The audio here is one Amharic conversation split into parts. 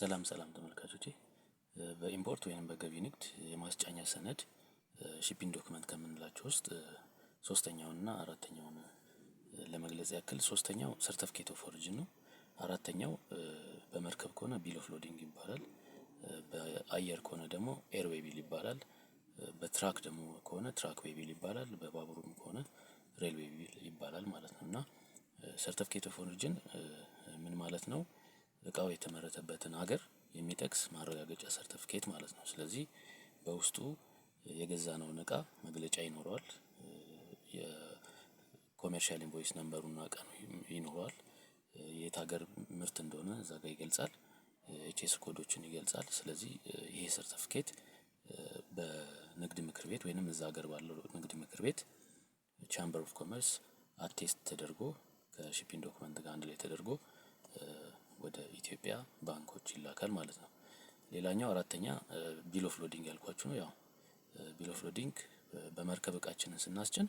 ሰላም ሰላም ተመልካቾቼ በኢምፖርት ወይም በገቢ ንግድ የማስጫኛ ሰነድ ሺፒንግ ዶክመንት ከምንላቸው ውስጥ ሶስተኛውንና አራተኛውን ለመግለጽ ያክል ሶስተኛው ሰርተፍኬት ኦፍ ኦሪጅን ነው። አራተኛው በመርከብ ከሆነ ቢል ኦፍ ሎዲንግ ይባላል። በአየር ከሆነ ደግሞ ኤርዌይ ቢል ይባላል። በትራክ ደግሞ ከሆነ ትራክ ዌይ ቢል ይባላል። በባቡሩም ከሆነ ሬልዌይ ቢል ይባላል ማለት ነው እና ሰርተፍኬት ኦፍ ኦሪጅን ምን ማለት ነው? እቃው የተመረተበትን ሀገር የሚጠቅስ ማረጋገጫ ሰርተፍኬት ማለት ነው። ስለዚህ በውስጡ የገዛነውን እቃ መግለጫ ይኖረዋል። የኮሜርሻል ኢንቮይስ ነምበሩና ቀኑ ይኖረዋል። የት ሀገር ምርት እንደሆነ እዛ ጋር ይገልጻል። ኤችኤስ ኮዶችን ይገልጻል። ስለዚህ ይሄ ሰርተፍኬት በንግድ ምክር ቤት ወይንም እዛ ሀገር ባለው ንግድ ምክር ቤት ቻምበር ኦፍ ኮመርስ አቴስት ተደርጎ ከሺፒንግ ዶክመንት ጋር አንድ ላይ ተደርጎ ወደ ኢትዮጵያ ባንኮች ይላካል ማለት ነው። ሌላኛው አራተኛ ቢል ኦፍ ሎዲንግ ያልኳችሁ ያው ቢል ኦፍ ሎዲንግ በመርከብ እቃችንን ስናስጭን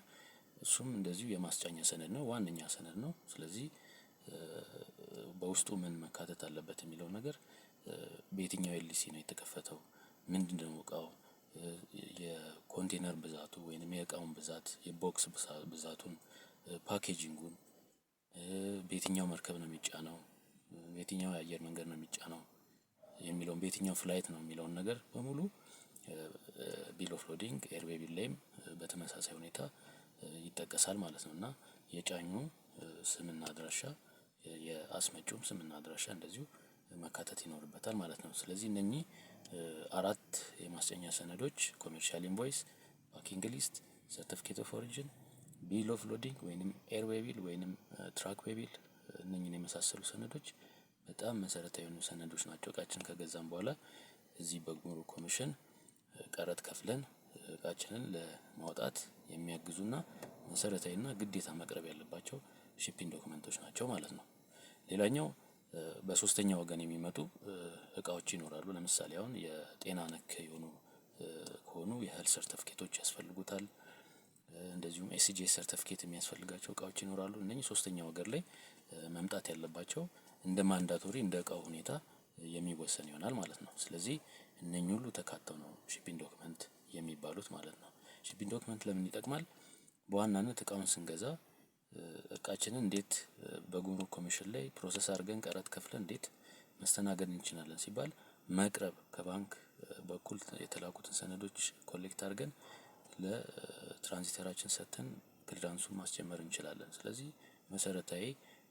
እሱም እንደዚሁ የማስጫኛ ሰነድ ነው፣ ዋነኛ ሰነድ ነው። ስለዚህ በውስጡ ምን መካተት አለበት የሚለው ነገር በየትኛው ኤልሲ ነው የተከፈተው፣ ነው እቃው፣ የኮንቴነር ብዛቱ ወይንም የእቃውን ብዛት፣ የቦክስ ብዛቱን፣ ፓኬጂንጉን፣ በየትኛው መርከብ ነው የሚጫነው የትኛው የአየር መንገድ ነው የሚጫነው የሚለውን በየትኛው ፍላይት ነው የሚለውን ነገር በሙሉ ቢል ኦፍ ሎዲንግ ኤርዌይ ላይም በተመሳሳይ ሁኔታ ይጠቀሳል ማለት ነው እና የጫኙ ስምና አድራሻ የአስመጪውም ስምና አድራሻ እንደዚሁ መካተት ይኖርበታል ማለት ነው። ስለዚህ እነኚህ አራት የማስጫኛ ሰነዶች ኮሜርሻል ኢንቮይስ፣ ፓኪንግ ሊስት፣ ሰርቲፊኬት ኦፍ ኦሪጅን፣ ቢል ኦፍ ሎዲንግ ወይንም ኤርዌይ ቢል ወይንም ትራክ ዌይ ቢል እነኚህን የመሳሰሉ ሰነዶች በጣም መሰረታዊ የሆኑ ሰነዶች ናቸው። እቃችን ከገዛም በኋላ እዚህ በጉምሩክ ኮሚሽን ቀረጥ ከፍለን እቃችንን ለማውጣት የሚያግዙና መሰረታዊና ግዴታ መቅረብ ያለባቸው ሺፒንግ ዶክመንቶች ናቸው ማለት ነው። ሌላኛው በሶስተኛ ወገን የሚመጡ እቃዎች ይኖራሉ። ለምሳሌ አሁን የጤና ነክ የሆኑ ከሆኑ የህል ሰርተፍኬቶች ያስፈልጉታል እንደዚሁም ኤስጂኤስ ሰርተፊኬት የሚያስፈልጋቸው እቃዎች ይኖራሉ። እነኚህ ሶስተኛ ሀገር ላይ መምጣት ያለባቸው እንደ ማንዳቶሪ እንደ እቃው ሁኔታ የሚወሰን ይሆናል ማለት ነው። ስለዚህ እነኚህ ሁሉ ተካተው ነው ሺፒንግ ዶክመንት የሚባሉት ማለት ነው። ሺፒንግ ዶክመንት ለምን ይጠቅማል? በዋናነት እቃውን ስንገዛ እቃችንን እንዴት በጉምሩክ ኮሚሽን ላይ ፕሮሰስ አድርገን ቀረጥ ከፍለን እንዴት መስተናገድ እንችላለን ሲባል መቅረብ ከባንክ በኩል የተላኩትን ሰነዶች ኮሌክት አድርገን ለትራንዚተራችን ሰጥተን ክሊራንሱን ማስጀመር እንችላለን። ስለዚህ መሰረታዊ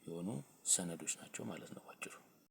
የሆኑ ሰነዶች ናቸው ማለት ነው ባጭሩ።